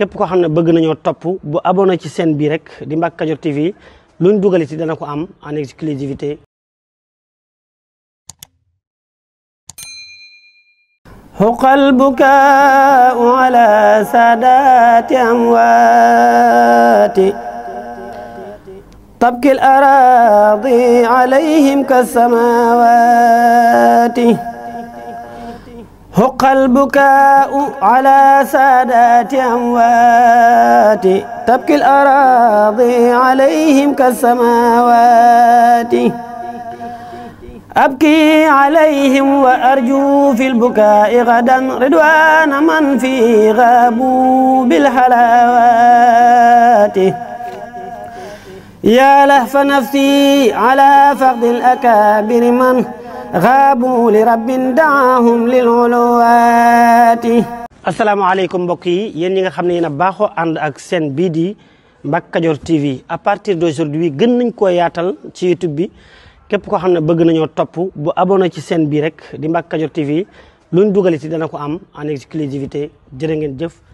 képp koo xam ne bëgg nañoo topp bu abonné ci chaîne bi rek di Mbacke Kadior TV luñ dugal ci dana ko am en exclusivité huqa albukaau ala saadaati amwaati tabki araadi alayhim ka samawaati حق البكاء على سادات أموات تبكي الأراضي عليهم كالسماوات أبكي عليهم وأرجو في البكاء غدا رضوان من في غابوا بالحلاوات يا لهف نفسي على فقد الأكابر من xaabu li rabbin daahum lil uluwaati asalaamaaleykum mbokk yi yéen yi nga xam ne yéen a baaxoo ànd ak seen bii di Mbacke Kadior TV à partir d'aujourd'hui gën nañ ko yaatal ci YouTube bi képp koo xam ne bëgg nañoo topp bu abonné ci seen bii rek di Mbacke Kadior TV luñ dugal ci dana ko am en exclusivité jërë ngeen jëf